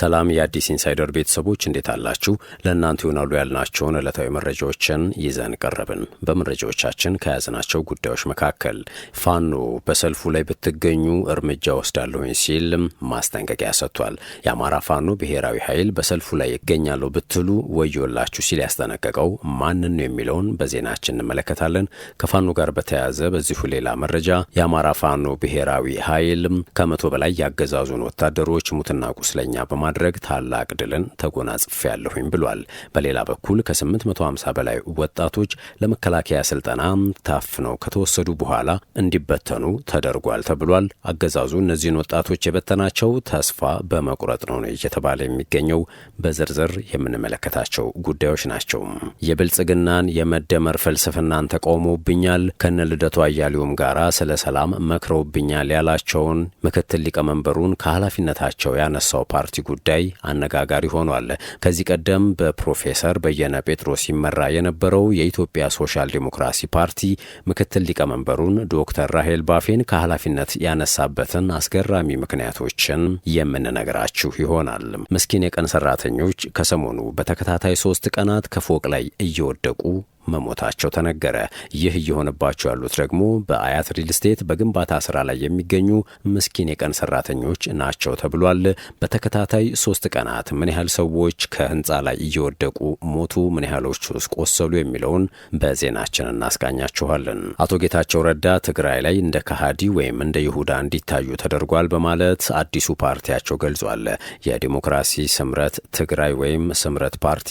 ሰላም የአዲስ ኢንሳይደር ቤተሰቦች እንዴት አላችሁ? ለእናንተ ይሆናሉ ያልናቸውን ዕለታዊ መረጃዎችን ይዘን ቀረብን። በመረጃዎቻችን ከያዝናቸው ጉዳዮች መካከል ፋኖ በሰልፉ ላይ ብትገኙ እርምጃ ወስዳለሁኝ ሲል ማስጠንቀቂያ ሰጥቷል። የአማራ ፋኖ ብሔራዊ ኃይል በሰልፉ ላይ ይገኛለሁ ብትሉ ወዮላችሁ ሲል ያስጠነቀቀው ማንን ነው የሚለውን በዜናችን እንመለከታለን። ከፋኖ ጋር በተያያዘ በዚሁ ሌላ መረጃ የአማራ ፋኖ ብሔራዊ ኃይል ከመቶ በላይ ያገዛዙን ወታደሮች ሙትና ቁስለኛ በማ በማድረግ ታላቅ ድልን ያለሁኝ ብሏል። በሌላ በኩል ከ850 በላይ ወጣቶች ለመከላከያ ስልጠና ታፍነው ከተወሰዱ በኋላ እንዲበተኑ ተደርጓል ተብሏል። አገዛዙ እነዚህን ወጣቶች የበተናቸው ተስፋ በመቁረጥ ነው ነው እየተባለ የሚገኘው በዝርዝር የምንመለከታቸው ጉዳዮች ናቸው። የብልጽግናን የመደመር ፍልስፍናን ተቃውሞብኛል ልደቱ አያሌውም ጋራ ስለ ሰላም መክረውብኛል ያላቸውን ምክትል ሊቀመንበሩን ከኃላፊነታቸው ያነሳው ፓርቲ ጉዳይ ጉዳይ አነጋጋሪ ሆኗል። ከዚህ ቀደም በፕሮፌሰር በየነ ጴጥሮስ ይመራ የነበረው የኢትዮጵያ ሶሻል ዲሞክራሲ ፓርቲ ምክትል ሊቀመንበሩን ዶክተር ራሄል ባፌን ከኃላፊነት ያነሳበትን አስገራሚ ምክንያቶችን የምንነግራችሁ ይሆናል። ምስኪን የቀን ሰራተኞች ከሰሞኑ በተከታታይ ሶስት ቀናት ከፎቅ ላይ እየወደቁ መሞታቸው ተነገረ። ይህ እየሆነባቸው ያሉት ደግሞ በአያት ሪል ስቴት በግንባታ ስራ ላይ የሚገኙ ምስኪን የቀን ሰራተኞች ናቸው ተብሏል። በተከታታይ ሶስት ቀናት ምን ያህል ሰዎች ከህንፃ ላይ እየወደቁ ሞቱ፣ ምን ያህሎች ውስጥ ቆሰሉ የሚለውን በዜናችን እናስቃኛችኋለን። አቶ ጌታቸው ረዳ ትግራይ ላይ እንደ ካሃዲ ወይም እንደ ይሁዳ እንዲታዩ ተደርጓል በማለት አዲሱ ፓርቲያቸው ገልጿል። የዲሞክራሲ ስምረት ትግራይ ወይም ስምረት ፓርቲ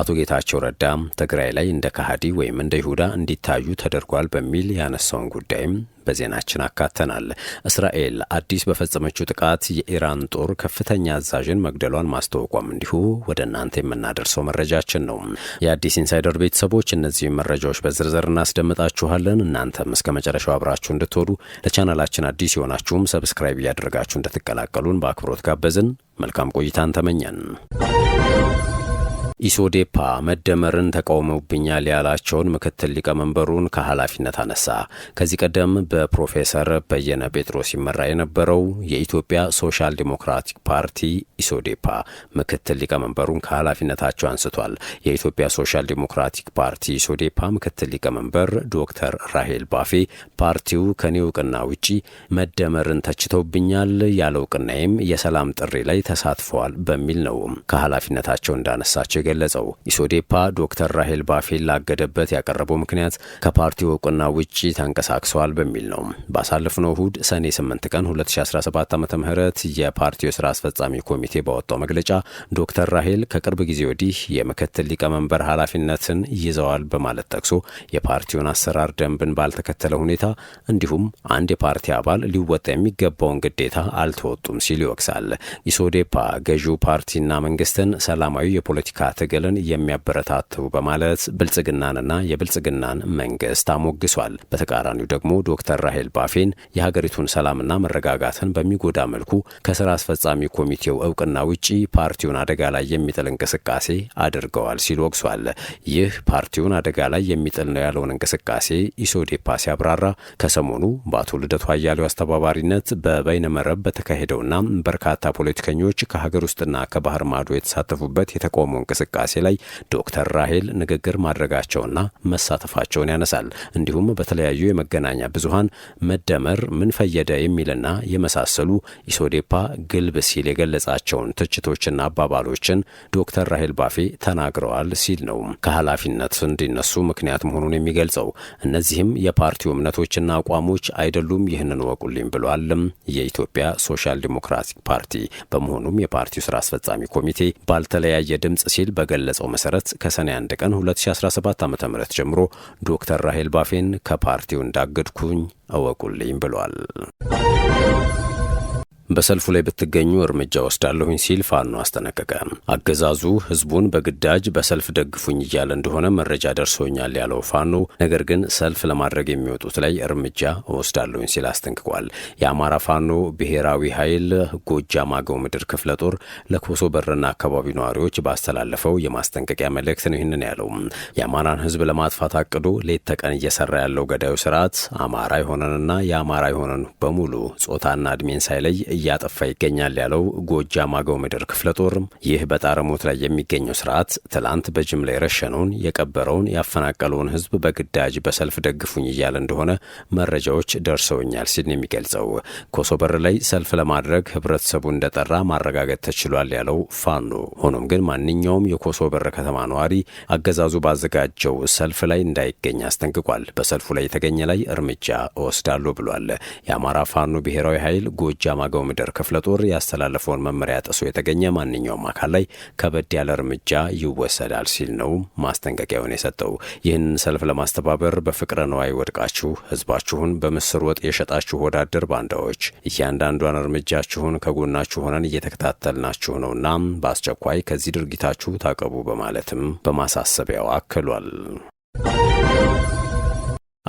አቶ ጌታቸው ረዳ ትግራይ ላይ እንደ ካሃዲ ከሃዲ ወይም እንደ ይሁዳ እንዲታዩ ተደርጓል በሚል ያነሳውን ጉዳይም በዜናችን አካተናል። እስራኤል አዲስ በፈጸመችው ጥቃት የኢራን ጦር ከፍተኛ አዛዥን መግደሏን ማስታወቋም እንዲሁ ወደ እናንተ የምናደርሰው መረጃችን ነው። የአዲስ ኢንሳይደር ቤተሰቦች እነዚህ መረጃዎች በዝርዝር እናስደምጣችኋለን። እናንተም እስከ መጨረሻው አብራችሁ እንድትወዱ ለቻናላችን አዲስ የሆናችሁም ሰብስክራይብ እያደረጋችሁ እንድትቀላቀሉን በአክብሮት ጋበዝን። መልካም ቆይታን ተመኘን። ኢሶዴፓ መደመርን ተቃውመውብኛል ያላቸውን ምክትል ሊቀመንበሩን ከኃላፊነት አነሳ። ከዚህ ቀደም በፕሮፌሰር በየነ ጴጥሮስ ይመራ የነበረው የኢትዮጵያ ሶሻል ዲሞክራቲክ ፓርቲ ኢሶዴፓ ምክትል ሊቀመንበሩን ከኃላፊነታቸው አንስቷል። የኢትዮጵያ ሶሻል ዲሞክራቲክ ፓርቲ ኢሶዴፓ ምክትል ሊቀመንበር ዶክተር ራሄል ባፌ ፓርቲው ከኔ እውቅና ውጪ መደመርን ተችተውብኛል ያለ እውቅናዬም የሰላም ጥሪ ላይ ተሳትፈዋል በሚል ነው ከኃላፊነታቸው እንዳነሳቸው ገለጸው። ኢሶዴፓ ዶክተር ራሄል ባፌን ላገደበት ያቀረበው ምክንያት ከፓርቲው እውቅና ውጪ ተንቀሳቅሰዋል በሚል ነው። ባሳለፍነው እሁድ ሰኔ 8 ቀን 2017 ዓ ም የፓርቲው ስራ አስፈጻሚ ኮሚቴ ባወጣው መግለጫ ዶክተር ራሄል ከቅርብ ጊዜ ወዲህ የምክትል ሊቀመንበር ኃላፊነትን ይዘዋል በማለት ጠቅሶ የፓርቲውን አሰራር ደንብን ባልተከተለ ሁኔታ እንዲሁም አንድ የፓርቲ አባል ሊወጣ የሚገባውን ግዴታ አልተወጡም ሲል ይወቅሳል። ኢሶዴፓ ገዢው ፓርቲና መንግስትን ሰላማዊ የፖለቲካ ትግልን የሚያበረታቱ በማለት ብልጽግናንና የብልጽግናን መንግስት አሞግሷል። በተቃራኒው ደግሞ ዶክተር ራሄል ባፌን የሀገሪቱን ሰላምና መረጋጋትን በሚጎዳ መልኩ ከስራ አስፈጻሚ ኮሚቴው እውቅና ውጪ ፓርቲውን አደጋ ላይ የሚጥል እንቅስቃሴ አድርገዋል ሲል ወቅሷል። ይህ ፓርቲውን አደጋ ላይ የሚጥል ነው ያለውን እንቅስቃሴ ኢሶዴፓ ሲያብራራ ከሰሞኑ በአቶ ልደቱ አያሌው አስተባባሪነት በበይነመረብ በተካሄደውና በርካታ ፖለቲከኞች ከሀገር ውስጥና ከባህር ማዶ የተሳተፉበት የተቃውሞ እንቅስቃሴ እንቅስቃሴ ላይ ዶክተር ራሄል ንግግር ማድረጋቸውና መሳተፋቸውን ያነሳል። እንዲሁም በተለያዩ የመገናኛ ብዙሃን መደመር ምን ፈየደ የሚልና የመሳሰሉ ኢሶዴፓ ግልብ ሲል የገለጻቸውን ትችቶችና አባባሎችን ዶክተር ራሄል ባፌ ተናግረዋል ሲል ነው ከኃላፊነት እንዲነሱ ምክንያት መሆኑን የሚገልጸው። እነዚህም የፓርቲው እምነቶችና አቋሞች አይደሉም፣ ይህንን ወቁልኝ ብሏልም የኢትዮጵያ ሶሻል ዲሞክራቲክ ፓርቲ። በመሆኑም የፓርቲው ስራ አስፈጻሚ ኮሚቴ ባልተለያየ ድምፅ ሲል ሲል በገለጸው መሰረት ከሰኔ 1 ቀን 2017 ዓ ም ጀምሮ ዶክተር ራሄል ባፌን ከፓርቲው እንዳገድኩኝ እወቁልኝ ብሏል። በሰልፉ ላይ ብትገኙ እርምጃ ወስዳለሁኝ ሲል ፋኖ አስጠነቀቀ። አገዛዙ ህዝቡን በግዳጅ በሰልፍ ደግፉኝ እያለ እንደሆነ መረጃ ደርሶኛል ያለው ፋኖ ነገር ግን ሰልፍ ለማድረግ የሚወጡት ላይ እርምጃ ወስዳለሁኝ ሲል አስጠንቅቋል። የአማራ ፋኖ ብሔራዊ ኃይል ጎጃም አገው ምድር ክፍለ ጦር ለኮሶ በርና አካባቢ ነዋሪዎች ባስተላለፈው የማስጠንቀቂያ መልእክት ነው ይህንን ያለው። የአማራን ህዝብ ለማጥፋት አቅዶ ሌት ተቀን እየሰራ ያለው ገዳዩ ስርዓት አማራ የሆነንና የአማራ የሆነን በሙሉ ጾታና እድሜን ሳይለይ እያጠፋ ይገኛል ያለው ጎጃም አገው ምድር ክፍለ ጦርም ይህ በጣረሞት ላይ የሚገኘው ስርዓት ትላንት በጅምላ የረሸነውን የቀበረውን ያፈናቀለውን ህዝብ በግዳጅ በሰልፍ ደግፉኝ እያለ እንደሆነ መረጃዎች ደርሰውኛል ሲል የሚገልጸው። ኮሶበር ላይ ሰልፍ ለማድረግ ህብረተሰቡ እንደጠራ ማረጋገጥ ተችሏል ያለው ፋኖ፣ ሆኖም ግን ማንኛውም የኮሶበር ከተማ ነዋሪ አገዛዙ ባዘጋጀው ሰልፍ ላይ እንዳይገኝ አስጠንቅቋል። በሰልፉ ላይ የተገኘ ላይ እርምጃ እወስዳለሁ ብሏል። የአማራ ፋኖ ብሔራዊ ኃይል ጎጃም አገው ምድር ክፍለ ጦር ያስተላለፈውን መመሪያ ጥሶ የተገኘ ማንኛውም አካል ላይ ከበድ ያለ እርምጃ ይወሰዳል ሲል ነው ማስጠንቀቂያውን የሰጠው። ይህንን ሰልፍ ለማስተባበር በፍቅረ ነዋይ ወድቃችሁ ህዝባችሁን በምስር ወጥ የሸጣችሁ ወዳደር ባንዳዎች እያንዳንዷን እርምጃችሁን ከጎናችሁ ሆነን እየተከታተልናችሁ ነውና በአስቸኳይ ከዚህ ድርጊታችሁ ታቀቡ በማለትም በማሳሰቢያው አክሏል።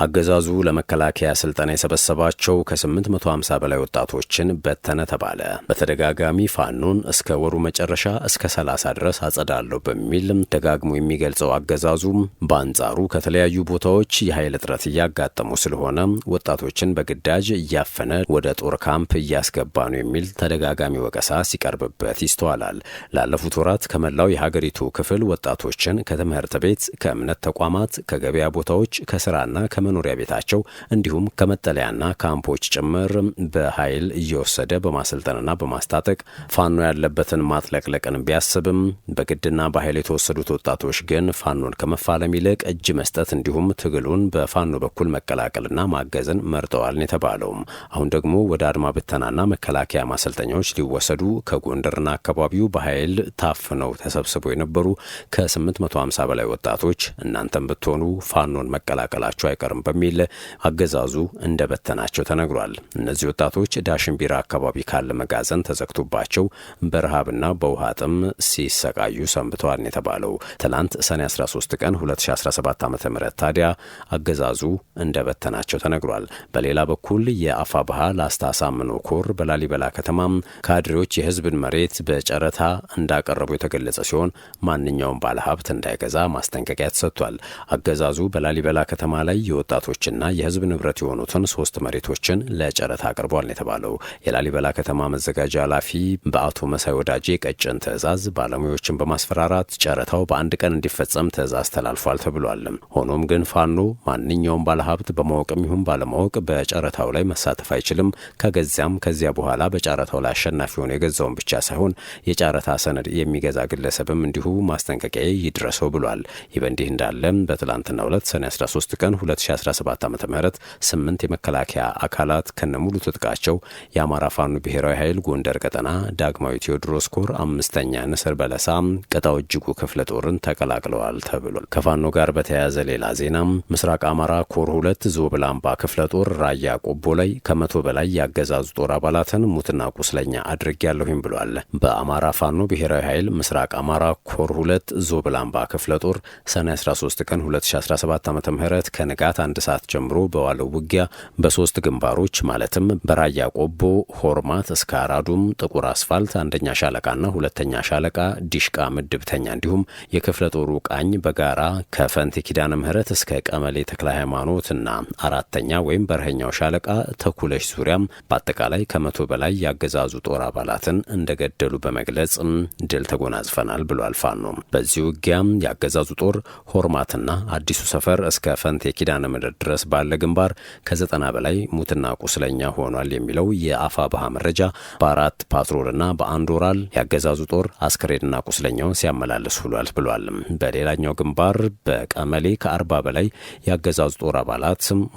አገዛዙ ለመከላከያ ስልጠና የሰበሰባቸው ከ850 በላይ ወጣቶችን በተነ ተባለ። በተደጋጋሚ ፋኖን እስከ ወሩ መጨረሻ እስከ 30 ድረስ አጸዳለሁ በሚል ደጋግሞ የሚገልጸው አገዛዙም በአንጻሩ ከተለያዩ ቦታዎች የኃይል እጥረት እያጋጠሙ ስለሆነ ወጣቶችን በግዳጅ እያፈነ ወደ ጦር ካምፕ እያስገባ ነው የሚል ተደጋጋሚ ወቀሳ ሲቀርብበት ይስተዋላል። ላለፉት ወራት ከመላው የሀገሪቱ ክፍል ወጣቶችን ከትምህርት ቤት፣ ከእምነት ተቋማት፣ ከገበያ ቦታዎች፣ ከስራና ከመኖሪያ ቤታቸው እንዲሁም ከመጠለያና ካምፖች ጭምር በኃይል እየወሰደ በማሰልጠንና በማስታጠቅ ፋኖ ያለበትን ማጥለቅለቅን ቢያስብም በግድና በኃይል የተወሰዱት ወጣቶች ግን ፋኖን ከመፋለም ይልቅ እጅ መስጠት እንዲሁም ትግሉን በፋኖ በኩል መቀላቀልና ማገዝን መርጠዋል ነው የተባለው። አሁን ደግሞ ወደ አድማ ብተናና መከላከያ ማሰልጠኛዎች ሊወሰዱ ከጎንደርና አካባቢው በኃይል ታፍነው ተሰብስበው የነበሩ ከ850 በላይ ወጣቶች እናንተም ብትሆኑ ፋኖን መቀላቀላቸው አይቀርም አይማርም በሚል አገዛዙ እንደበተናቸው ተነግሯል። እነዚህ ወጣቶች ዳሽን ቢራ አካባቢ ካለ መጋዘን ተዘግቶባቸው በረሃብና በውሃ ጥም ሲሰቃዩ ሰንብተዋል የተባለው ትላንት ሰኔ 13 ቀን 2017 ዓ ም ታዲያ አገዛዙ እንደበተናቸው ተነግሯል። በሌላ በኩል የአፋ ባህ ላስታ አሳምኖ ኮር በላሊበላ ከተማም ካድሬዎች የህዝብን መሬት በጨረታ እንዳቀረቡ የተገለጸ ሲሆን ማንኛውም ባለሀብት እንዳይገዛ ማስጠንቀቂያ ተሰጥቷል። አገዛዙ በላሊበላ ከተማ ላይ ወጣቶችና የህዝብ ንብረት የሆኑትን ሶስት መሬቶችን ለጨረታ አቅርቧል ነው የተባለው። የላሊበላ ከተማ መዘጋጃ ኃላፊ በአቶ መሳይ ወዳጄ ቀጭን ትዕዛዝ ባለሙያዎችን በማስፈራራት ጨረታው በአንድ ቀን እንዲፈጸም ትዕዛዝ ተላልፏል ተብሏል። ሆኖም ግን ፋኖ ማንኛውም ባለሀብት በማወቅም ይሁን ባለማወቅ በጨረታው ላይ መሳተፍ አይችልም፣ ከገዚያም ከዚያ በኋላ በጨረታው ላይ አሸናፊ ሆኖ የገዛውን ብቻ ሳይሆን የጨረታ ሰነድ የሚገዛ ግለሰብም እንዲሁ ማስጠንቀቂያ ይድረሰው ብሏል። ይህ በእንዲህ እንዳለ በትላንትና ሁለት ሰኔ 13 ቀን 2017 2017 ዓ ም ስምንት የመከላከያ አካላት ከነሙሉ ትጥቃቸው የአማራ ፋኖ ብሔራዊ ኃይል ጎንደር ቀጠና ዳግማዊ ቴዎድሮስ ኮር አምስተኛ ንስር በለሳ ቀጣው እጅጉ ክፍለ ጦርን ተቀላቅለዋል ተብሏል። ከፋኖ ጋር በተያያዘ ሌላ ዜና ምስራቅ አማራ ኮር ሁለት ዞብላምባ ክፍለ ጦር ራያ ቆቦ ላይ ከመቶ በላይ ያገዛዙ ጦር አባላትን ሙትና ቁስለኛ አድርጌ ያለሁኝ ብሏል። በአማራ ፋኖ ብሔራዊ ኃይል ምስራቅ አማራ ኮር ሁለት ዞብላምባ ክፍለ ጦር ሰኔ 13 ቀን 2017 ዓ ም ከንጋት ከ ሰዓት ጀምሮ በዋለው ውጊያ በሶስት ግንባሮች ማለትም በራያ ቆቦ፣ ሆርማት እስከ አራዱም፣ ጥቁር አስፋልት አንደኛ ሻለቃና ሁለተኛ ሻለቃ ዲሽቃ ምድብተኛ እንዲሁም የክፍለ ጦሩ ቃኝ በጋራ ከፈንቲ ኪዳነ ምህረት እስከ ቀመሌ ተክለ ሃይማኖት እና አራተኛ ወይም በረሀኛው ሻለቃ ተኩለሽ ዙሪያም በአጠቃላይ ከመቶ በላይ ያገዛዙ ጦር አባላትን እንደገደሉ በመግለጽ ድል ተጎናጽፈናል ብሏል ፋኖ። በዚህ ውጊያም ያገዛዙ ጦር ሆርማትና አዲሱ ሰፈር እስከ ፈንቴ ኪዳነ ምድር ድረስ ባለ ግንባር ከዘጠና በላይ ሙትና ቁስለኛ ሆኗል የሚለው የአፋብሃ መረጃ በአራት ፓትሮልና በአንድ ወራል ያገዛዙ ጦር አስከሬንና ቁስለኛውን ሲያመላልስ ውሏል ብሏል። በሌላኛው ግንባር በቀመሌ ከአርባ በላይ ያገዛዙ ጦር አባላት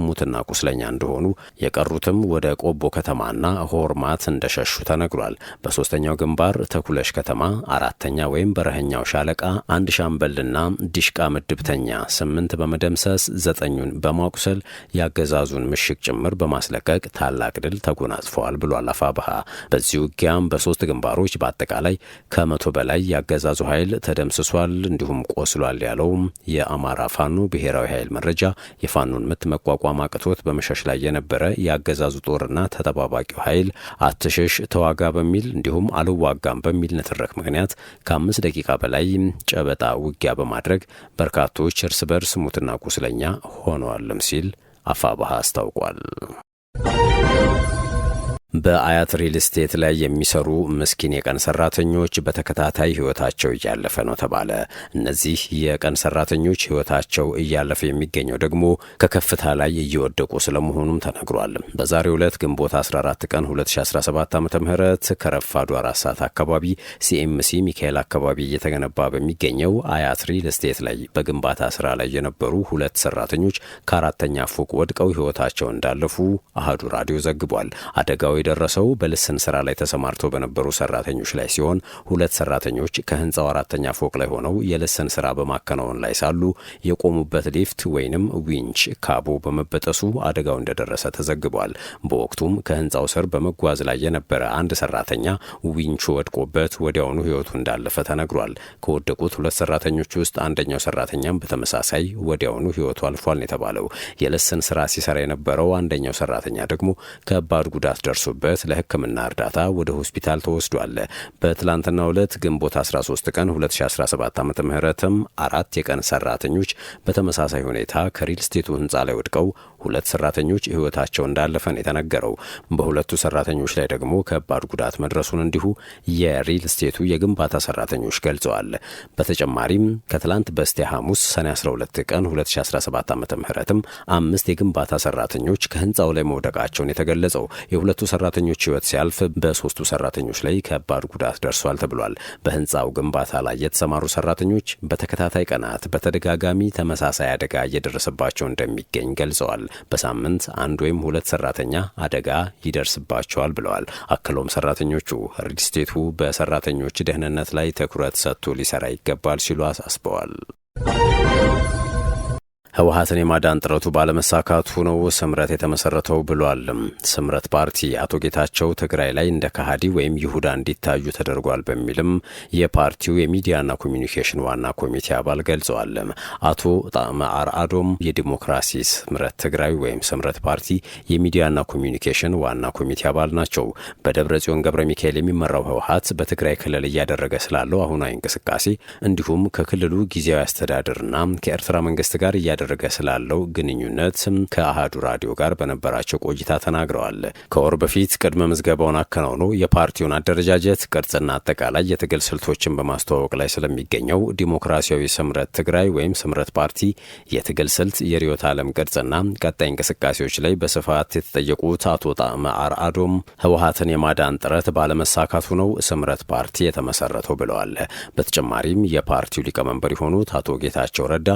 ሙትና ቁስለኛ እንደሆኑ የቀሩትም ወደ ቆቦ ከተማና ሆርማት እንደሸሹ ተነግሯል። በሶስተኛው ግንባር ተኩለሽ ከተማ አራተኛ ወይም በረኸኛው ሻለቃ አንድ ሻምበልና ዲሽቃ ምድብተኛ ስምንት በመደምሰስ ዘጠኙን በማቁሰል ያገዛዙን ምሽግ ጭምር በማስለቀቅ ታላቅ ድል ተጎናጽፈዋል ብሏል አፋብሃ። በዚህ ውጊያም በሶስት ግንባሮች በአጠቃላይ ከመቶ በላይ ያገዛዙ ኃይል ተደምስሷል እንዲሁም ቆስሏል ያለውም የአማራ ፋኖ ብሔራዊ ኃይል መረጃ የፋኖን ምት መቋቋም አቅቶት በመሸሽ ላይ የነበረ የአገዛዙ ጦርና ተጠባባቂው ኃይል አትሸሽ ተዋጋ በሚል እንዲሁም አልዋጋም በሚል ንትርክ ምክንያት ከአምስት ደቂቃ በላይ ጨበጣ ውጊያ በማድረግ በርካቶች እርስ በርስ ሙትና ቁስለኛ ሆነዋል። አልተዋለም ሲል አፋብሃ አስታውቋል። በአያት ሪል ስቴት ላይ የሚሰሩ ምስኪን የቀን ሰራተኞች በተከታታይ ህይወታቸው እያለፈ ነው ተባለ። እነዚህ የቀን ሰራተኞች ህይወታቸው እያለፈ የሚገኘው ደግሞ ከከፍታ ላይ እየወደቁ ስለመሆኑም ተነግሯል። በዛሬው ዕለት ግንቦት 14 ቀን 2017 ዓ ም ከረፋዱ አራት ሰዓት አካባቢ ሲኤምሲ ሚካኤል አካባቢ እየተገነባ በሚገኘው አያት ሪል ስቴት ላይ በግንባታ ስራ ላይ የነበሩ ሁለት ሰራተኞች ከአራተኛ ፎቅ ወድቀው ህይወታቸው እንዳለፉ አህዱ ራዲዮ ዘግቧል። አደጋው የደረሰው በልስን ስራ ላይ ተሰማርተው በነበሩ ሰራተኞች ላይ ሲሆን ሁለት ሰራተኞች ከህንፃው አራተኛ ፎቅ ላይ ሆነው የልስን ስራ በማከናወን ላይ ሳሉ የቆሙበት ሊፍት ወይንም ዊንች ካቦ በመበጠሱ አደጋው እንደደረሰ ተዘግቧል። በወቅቱም ከህንፃው ስር በመጓዝ ላይ የነበረ አንድ ሰራተኛ ዊንቹ ወድቆበት ወዲያውኑ ህይወቱ እንዳለፈ ተነግሯል። ከወደቁት ሁለት ሰራተኞች ውስጥ አንደኛው ሰራተኛም በተመሳሳይ ወዲያውኑ ህይወቱ አልፏል የተባለው የልስን ስራ ሲሰራ የነበረው አንደኛው ሰራተኛ ደግሞ ከባድ ጉዳት ደርሶ ደርሶበት ለሕክምና እርዳታ ወደ ሆስፒታል ተወስዷል። በትላንትናው ዕለት ግንቦት 13 ቀን 2017 ዓ ምህረትም አራት የቀን ሰራተኞች በተመሳሳይ ሁኔታ ከሪል ስቴቱ ህንፃ ላይ ወድቀው ሁለት ሰራተኞች ህይወታቸው እንዳለፈ ነው የተነገረው። በሁለቱ ሰራተኞች ላይ ደግሞ ከባድ ጉዳት መድረሱን እንዲሁ የሪል ስቴቱ የግንባታ ሰራተኞች ገልጸዋል። በተጨማሪም ከትላንት በስቲያ ሐሙስ ሰኔ 12 ቀን 2017 ዓ ምህረትም አምስት የግንባታ ሰራተኞች ከህንፃው ላይ መውደቃቸውን የተገለጸው የሁለቱ ሰራተኞች ህይወት ሲያልፍ በሶስቱ ሰራተኞች ላይ ከባድ ጉዳት ደርሷል ተብሏል። በህንፃው ግንባታ ላይ የተሰማሩ ሰራተኞች በተከታታይ ቀናት በተደጋጋሚ ተመሳሳይ አደጋ እየደረሰባቸው እንደሚገኝ ገልጸዋል። በሳምንት አንድ ወይም ሁለት ሰራተኛ አደጋ ይደርስባቸዋል ብለዋል። አክለውም ሰራተኞቹ ሪል ስቴቱ በሰራተኞች ደህንነት ላይ ትኩረት ሰጥቶ ሊሰራ ይገባል ሲሉ አሳስበዋል። ህወሀትን የማዳን ጥረቱ ባለመሳካቱ ነው ስምረት የተመሰረተው ብሏልም። ስምረት ፓርቲ አቶ ጌታቸው ትግራይ ላይ እንደ ከሃዲ ወይም ይሁዳ እንዲታዩ ተደርጓል በሚልም የፓርቲው የሚዲያና ኮሚኒኬሽን ዋና ኮሚቴ አባል ገልጸዋል። አቶ ጣዕመ አርአዶም የዲሞክራሲ ስምረት ትግራይ ወይም ስምረት ፓርቲ የሚዲያና ኮሚኒኬሽን ዋና ኮሚቴ አባል ናቸው። በደብረ ጽዮን ገብረ ሚካኤል የሚመራው ህወሀት በትግራይ ክልል እያደረገ ስላለው አሁናዊ እንቅስቃሴ እንዲሁም ከክልሉ ጊዜያዊ አስተዳደርና ከኤርትራ መንግስት ጋር እያደ እያደረገ ስላለው ግንኙነት ከአህዱ ራዲዮ ጋር በነበራቸው ቆይታ ተናግረዋል። ከወር በፊት ቅድመ ምዝገባውን አከናውኖ የፓርቲውን አደረጃጀት ቅርጽና አጠቃላይ የትግል ስልቶችን በማስተዋወቅ ላይ ስለሚገኘው ዲሞክራሲያዊ ስምረት ትግራይ ወይም ስምረት ፓርቲ የትግል ስልት፣ የርዕዮተ ዓለም ቅርጽና ቀጣይ እንቅስቃሴዎች ላይ በስፋት የተጠየቁት አቶ ጣዕመ አርአዶም ህወሀትን የማዳን ጥረት ባለመሳካቱ ነው ስምረት ፓርቲ የተመሰረተው ብለዋል። በተጨማሪም የፓርቲው ሊቀመንበር የሆኑት አቶ ጌታቸው ረዳ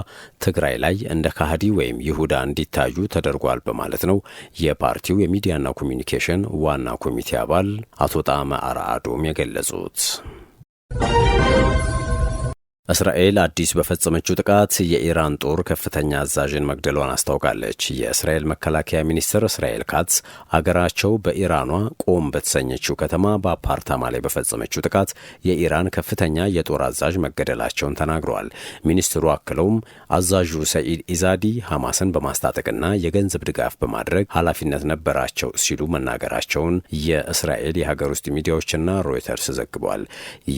ትግራይ ላይ እንደ ካህዲ ወይም ይሁዳ እንዲታዩ ተደርጓል በማለት ነው የፓርቲው የሚዲያና ኮሚኒኬሽን ዋና ኮሚቴ አባል አቶ ጣመ አርአዶም የገለጹት። እስራኤል አዲስ በፈጸመችው ጥቃት የኢራን ጦር ከፍተኛ አዛዥን መግደሏን አስታውቃለች። የእስራኤል መከላከያ ሚኒስትር እስራኤል ካትስ አገራቸው በኢራኗ ቆም በተሰኘችው ከተማ በአፓርታማ ላይ በፈጸመችው ጥቃት የኢራን ከፍተኛ የጦር አዛዥ መገደላቸውን ተናግረዋል። ሚኒስትሩ አክለውም አዛዡ ሰኢድ ኢዛዲ ሐማስን በማስታጠቅና የገንዘብ ድጋፍ በማድረግ ኃላፊነት ነበራቸው ሲሉ መናገራቸውን የእስራኤል የሀገር ውስጥ ሚዲያዎችና ሮይተርስ ዘግቧል።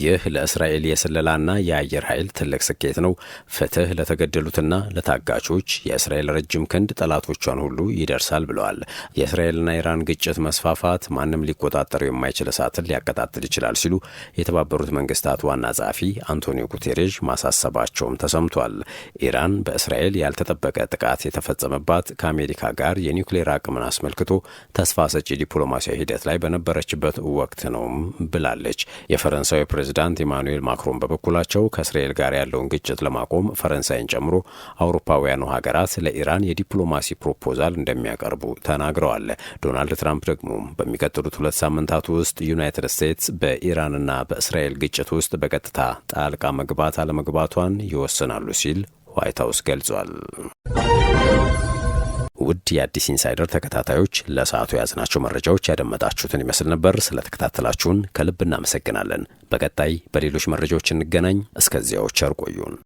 ይህ ለእስራኤል የስለላና የአየር ኃይል ለእስራኤል ትልቅ ስኬት ነው። ፍትህ ለተገደሉትና ለታጋቾች የእስራኤል ረጅም ክንድ ጠላቶቿን ሁሉ ይደርሳል ብለዋል። የእስራኤልና ኢራን ግጭት መስፋፋት ማንም ሊቆጣጠረው የማይችል እሳትን ሊያቀጣጥል ይችላል ሲሉ የተባበሩት መንግስታት ዋና ጸሐፊ አንቶኒዮ ጉቴሬዥ ማሳሰባቸውም ተሰምቷል። ኢራን በእስራኤል ያልተጠበቀ ጥቃት የተፈጸመባት ከአሜሪካ ጋር የኒውክሌር አቅምን አስመልክቶ ተስፋ ሰጪ ዲፕሎማሲያዊ ሂደት ላይ በነበረችበት ወቅት ነውም ብላለች። የፈረንሳዊ ፕሬዚዳንት ኢማኑኤል ማክሮን በበኩላቸው ከእስራኤል እስራኤል ጋር ያለውን ግጭት ለማቆም ፈረንሳይን ጨምሮ አውሮፓውያኑ ሀገራት ለኢራን የዲፕሎማሲ ፕሮፖዛል እንደሚያቀርቡ ተናግረዋል። ዶናልድ ትራምፕ ደግሞ በሚቀጥሉት ሁለት ሳምንታት ውስጥ ዩናይትድ ስቴትስ በኢራንና በእስራኤል ግጭት ውስጥ በቀጥታ ጣልቃ መግባት አለመግባቷን ይወስናሉ ሲል ዋይት ሀውስ ገልጿል። ውድ የአዲስ ኢንሳይደር ተከታታዮች ለሰዓቱ የያዝናቸው መረጃዎች ያደመጣችሁትን ይመስል ነበር። ስለተከታተላችሁን ከልብ እናመሰግናለን። በቀጣይ በሌሎች መረጃዎች እንገናኝ። እስከዚያው ቸር ቆዩን።